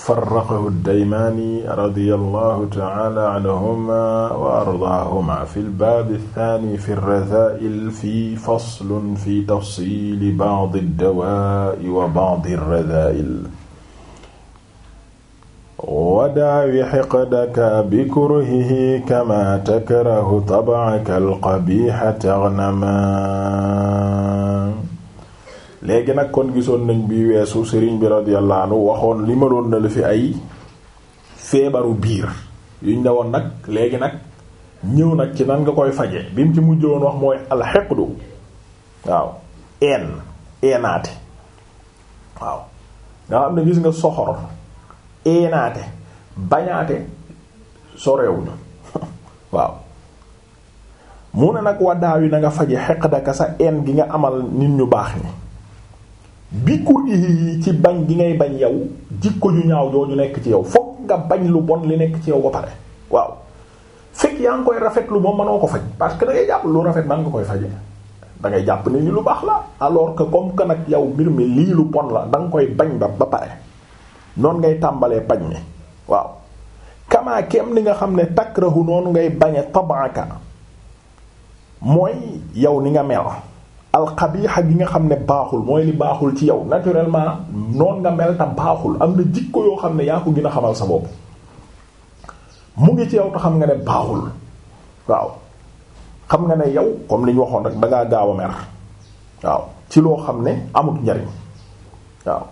farraqahu daymaani radiyallahu ta'ala anhuma wa ardaahuma fi lbaabi thaani fi rasaa'il fi faslun fi tafsiili ba'di dawaa'i wa ba'di rasaa'il wa daawi hiqdaka bikurhihi kamaa takrahu tab'aka alqabiiha taghnamaa léegi nag kon gisoon nañ bi weesu sëriñ bi radiyallahu waxoon li maloon na la fi ay feebaru biir yuñ ne woon nag léegi nag ñëw nag ci nan nga koy faje bi mu ci mujjoon wax mooy alxeqdu waaw een eenaate waaw nga xam ne gis nga soxor eenaate bañaate sorewuñu waaw mu ne nag waddaaw yi nanga nga faje xeq daka sa een gi nga amal nit ñu baax ñi bi kur yi ci bañ gi ngay bañ yow jikko ñu ñaaw jooju nekk ci yow fokk nga bañ lu bon li nekk ci yow ba pare waaw fekk yaa ngi koy rafetlu moom mënoo ko faj parce que da jàpp lu rafet man nga koy faje da ngay jàpp ne lii lu baax la alors que comme que nag yow mbir mi lii lu bon la danga koy bañ ba ba pare noonu ngay tàmbalee bañ mi waaw kamaa kem ni nga xam ne takrahu noonu ngay bañe tabaaka mooy yow ni nga mel alxabiixa gi nga xam ne baaxul mooy li baaxul ci yow naturellement noon nga mel ta baaxul am na jikko yoo xam ne yaa ko gin a xamal sa bopp mu ngi ci yow te xam nga ne baaxul waaw xam nga ne yow comme li waxoon rek dangaa gaaw a mer waaw ci loo xam ne amut njariñ waaw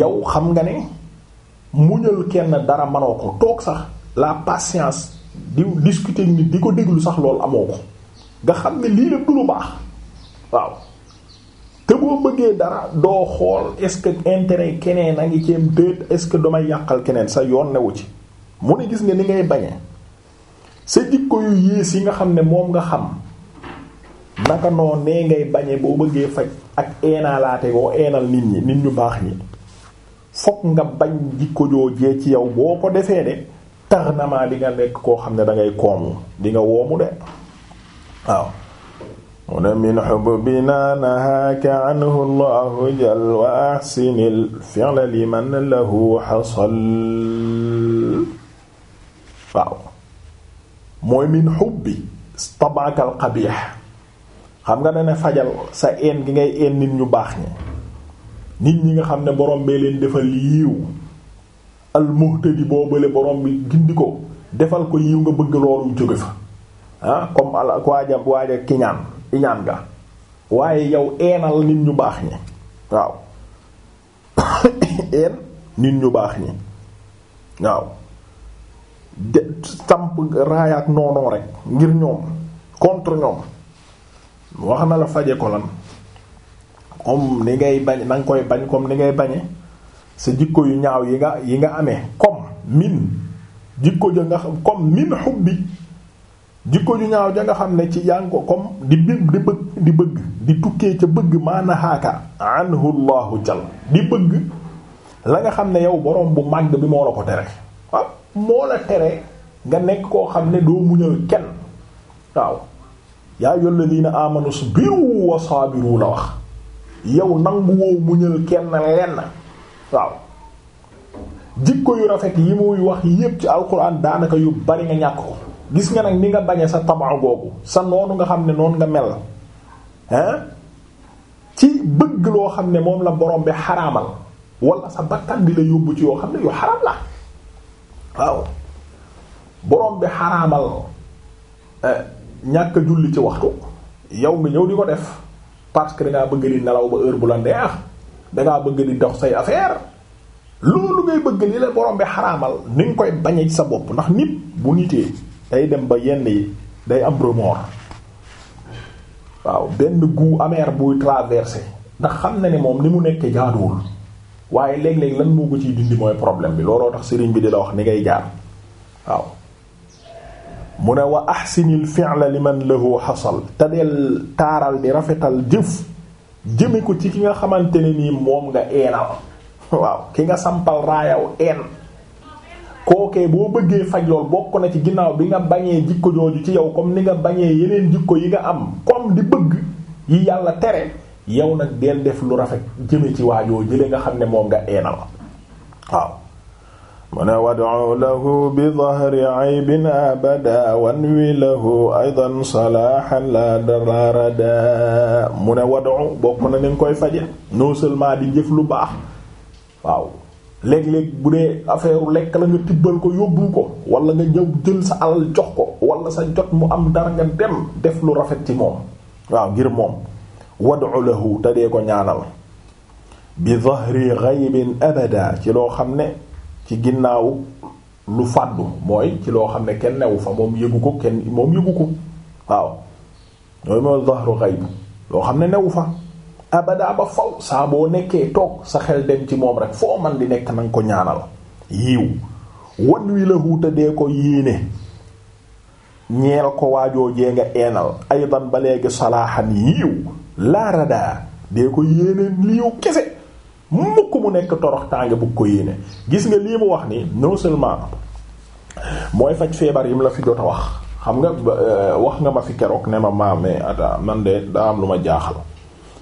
yow xam nga ne mu muñal kenn dara manoo ko toog sax la patience di discuter nit di ko déglu sax loolu amoo ko nga xam ne lii lépp du lu baax waaw te boo bëggee dara doo xool est-ce que intérêt keneen a ngi ci am déet est-ce que damay yàqal keneen sa yoon newu ci mu ne gis nga ni ngay bañee sa jikko yu yées yi nga xam ne moom nga xam naka noonu nee ngay bañee boo bëggee faj ak eenaalaate boo eenal nit ñi nit ñu baax ñi fokk nga bañ jikko joojee ci yow boo ko defee de tax na ma di nekk koo xam ne dangay koomu di nga woomu de waaw mu ne min hubbina nahaaka anhu allahu jal wa ahsinil fi'la liman lahu xasal waaw mooy min hubbi tabaakal qabiix xam nga ne ne fajal sa een gi ngay een nit ñu baax ñi nit ñi nga xam ne borom bee leen defal yiiw almuhtadi boobale borom bi gindi ko defal ko yiw nga bëgg loolu jóge fa ah comme al waajab waaja kiñaan iñaan ga waaye yow eenal nit ñu baax ñi waaw een nit ñu baax ñi waaw de samp raayaak noonoo rek ngir ñoom contre ñoom wax na la faje ko lan comme ni ngay bañ na koy bañ comme ni ngay bañe sa jikko yu ñaaw yi nga yi nga ame comme min jikko ja nga xam comme min xubbi jikko ju ñaaw ja nga xam ne ci yaa ko comme di bim di bëgg di tukkee ca bëgg maanaxaaka anhu llahu jal di bëgg la nga xam ne yow borom bu màgg bi moo la ko tere waaw ah, moo la tere nga nekk koo xam ne doo muñal kenn waaw yaa lii ladina amanu sabiru wa sabiru la wax yow nangu woo muñal kenn lenn waaw jikko yu rafet yi muy wax yépp ci alquran daanaka yu bari nga ñàkk ko gis nga nag ni nga bañe sa tabax googu sa noonu nga xam ne noonu nga mel hein ci bëgg loo xam ne moom la borom bi xaraamal wala sa bakkan bi la yóbbu ci yoo xam ne yu xaraam la waaw borom bi xaraamal eh, ñàkk julli ci waxtu yow nga ñëw di ko def parce que dangaa bëgg di nelaw ba heure bu la neex dangaa bëgg di dox say affaire loolu ngay bëgg li la borom bi xaraamal ni nga koy bañe ci sa bopp ndax nit bu nitee day dem ba yenn yi day am remords waaw benn goût amer buy traversé ndax xam na ne moom ni mu nekk jaaduwul waaye léeg-léeg lan moo ko ciy dindi mooy problème bi looloo tax sëriñ bi di la wax ni ngay jaar waaw mu ne wa ahsinil fi'la liman lahu xasal te deel taaral di rafetal jëf jëme ko ci ki nga xamante ne nii moom nga eenal waaw ki nga sampal raayaw een kookee boo bëggee faj lool bokk na ci ginnaaw bi nga bañee jikko jooju ci yow comme ni nga bañee yeneen jikko yi nga am comme di bëgg yi yàlla tere yow nag deel def lu rafet jëme ci waajoo jële nga xam ne moom nga eenal waaw mu ne wad'u lahu bi dhahri aybin abada wanwi lahu aidan salahan la dararada mu ne wad'u bokk na ni nga koy faje non seulement di jëf lu baax waaw léeg-léeg bu dee affaire lekk la nga tibbal ko yóbbul ko wala nga ñëw jël sa alal jox ko wala sa jot mu am dara nga dem def lu rafet ci moom waaw ngir moom wad'u lahu te dee ko ñaanal bi dhahri ghaybin abada ci loo xam ne ci ginnaaw lu fàddu mooy ci loo xam ne kenn newu fa moom yëgu ko kenn moom yëgu ko waaw loolu mooy dhahru ghayb loo xam ne newu fa abada ba faw saa boo nekkee toog sa xel dem ci moom rek foo man di nekk nanga ko ñaanal yiw wan wi la huuta dee ko yéene ñeel ko waajoo jee nga eenal aydan ba léegi salaaxan yiw laa radaa dee ko yéene liiw kese mukk mu nekk torox tànge bugg ko yéene gis nga lii mu wax ni non mooy faj feebar yi mu la fi jot a wax xam nga euh, wax nga ma fi keroog ne ma maame ata man de daa am lu ma jaaxal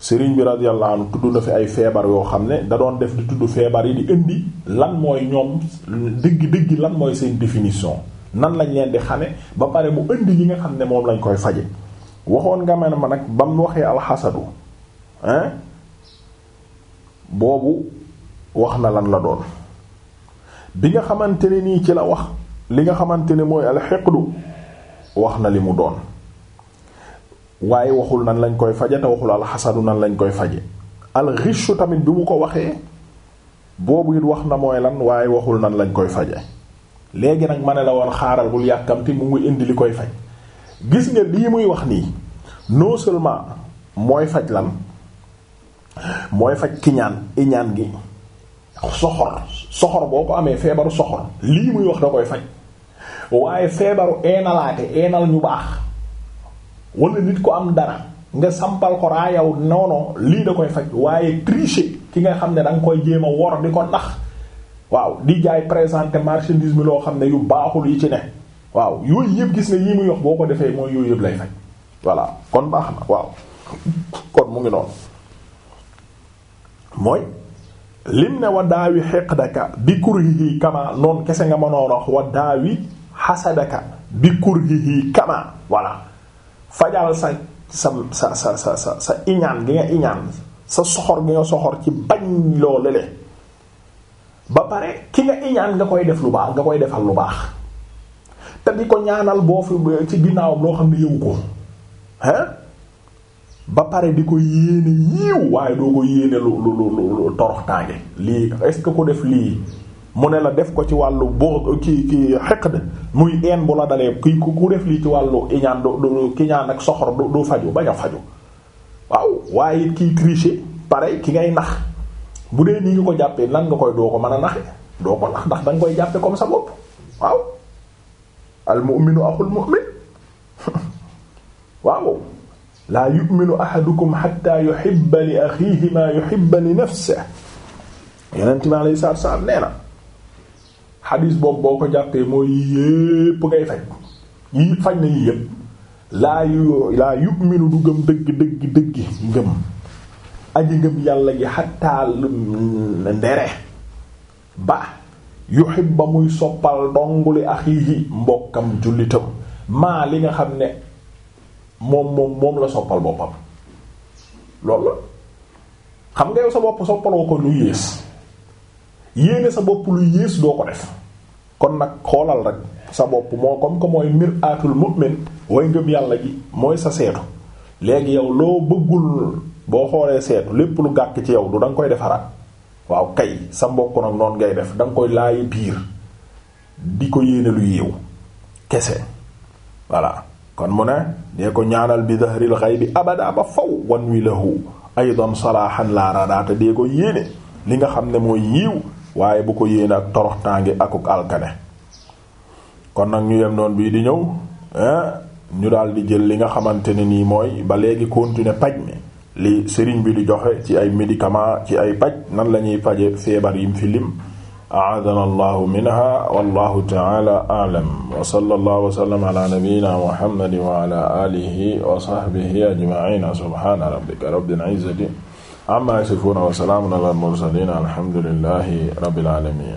sëriñ bi radiyallahu anhu tudd na fi ay feebar yoo xam ne da doon def di tudd feebar yi di indi lan mooy ñoom dëgg dëgg lan mooy seen définition nan lañ leen di xame ba pare mu indi yi nga xam ne moom lañ koy faje waxoon nga mel ma nag ba mu waxee alxasadu hein boobu wax na lan la doon bi nga xamante ne nii ci la wax li nga xamante ne mooy alxiqdu wax na li mu doon waaye waxul nan lañ koy faje te waxul alxasadu nan lañ koy faje alxichu tamit bi mu ko waxee boobu it wax na mooy lan waaye waxul nan lañ koy faje léegi nag ma ne la woon xaaral bul yàkkamti mu ngi indi li koy faj gis nga lii muy wax nii non seulement mooy faj lan mooy faj kiñaan iñaan gi soxor soxor boo ko amee feebaru soxor lii muy wax da koy faj waaye feebaru eenalaate eenal ñu baax wala nit ko am dara nga sampal ko raa yow noono lii da koy faj waaye tricher ki nga xam ne da koy jéem a wor di ko nax waaw di jaay présenter marchandise mi loo xam ne yu baaxul yi ci ne waaw yooyu yëpp gis nga yii muy yox boo ko defee mooy yooyu yëpp lay faj voilà kon baax na waaw kon mu ngi noonu mooy lim ne wa daawi hiqdaka bi kur kurhihi kama noonu kese nga mënoon wax wa wi hasadaka bi kurhihi kama voilà fajal sa sa sa sa sa sa iñaan gi nga iñaan sa soxor gi nga soxor ci bañ loolu le ba pare ki nga iñaan nga koy def lu baax nga koy defal lu baax te di ko ñaanal boo fi ci ginnaawam loo xam ne yëwu ko hein ba pare di ko yéene yiiw waaye doo ko yéene lu lu lu lu torox tànge lii est-ce ko def lii mu ne la def ko ci wàllu boo ki ki xiqd muy een bu la dalee ki ku def lii ci wàllu iñaan du ki ñaan ak soxor du faju bañ a faju waaw waaye it kiy tricher pareil ki ngay nax bu dee nii nga ko jàppee lan nga koy doo ko mën a naxe doo ko nax ndax danga koy jàppe comme sa bopp waaw al mu'minu axul mu'min waaw laa yu'minu ahadukum hatta yuhibba li axiihi ma yuhibba li nafsihi yeneen nee na xadiis boobu boo ko jàppee mooy yépp ngay faj yi faj na yii yépp laa yu laa yu'minu du gëm dëgg dëgg dëgg ngëm aji ngëm yàlla gi xattaal ndere ba yuhibba muy soppal donguli axiihi mbokkam jullitam maa li nga xam ne moom moom moom la soppal boppam loolu la xam nga yow sa bopp soppaloo ko lu yées yéene sa bopp lu yées doo ko def kon nag xoolal rek sa bopp moo comme que mooy mir'atul mu'min way ngëm yàlla ji mooy sa seetu léegi yow loo bëggul boo xoolee seetu lépp lu gàkk ci yow du danga koy defaraat waaw kay sa mbokk nag noon ngay def danga koy laay biir di ko yéene lu yiw kese voilà kon mu ne dee ko ñaanal bi dahril ghaibi abada ba faw wan wi lahu aidan salahan la radaata dee ko yéene li nga xam ne mooy yiw waaye bu ko yéene ak toroxtaange akuk alkane kon nag ñu yem noon bii di ñëw ñu daal di jël li nga xamante ne nii mooy ba léegi continuer paj mi li sëriñ bi di joxe ci ay médicament ci ay paj nan la ñuy paje feebar yi fi lim aadana allahu minha wallahu taala aalam wa sallallahu wa sallam ala nabiyyina muhammadin wa ala alihi wa sahbihi ajma'in subhana rabbika rabbil izzati amma yasifuna wa salaamun alal mursaliin alhamdulillahi rabbil aalamiin